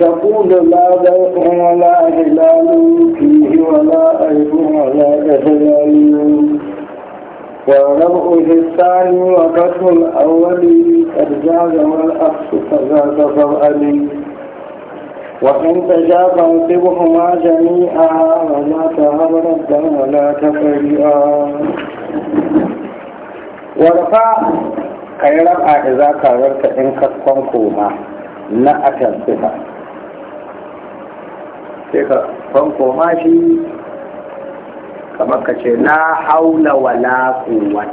تقول لا ضيق ولا هلال فيه ولا أيض ولا إهلال ورمء الثاني وكتم الأول قد جاز والأخص فزاد فرألي وإن تجاب انصبهما جميعا ولا تهب ردا ولا تفريعا ورفع ka أعزاك raba da za ka rarka na akan sai ka fanko ma shi kamar ka ce na haula wala quwwata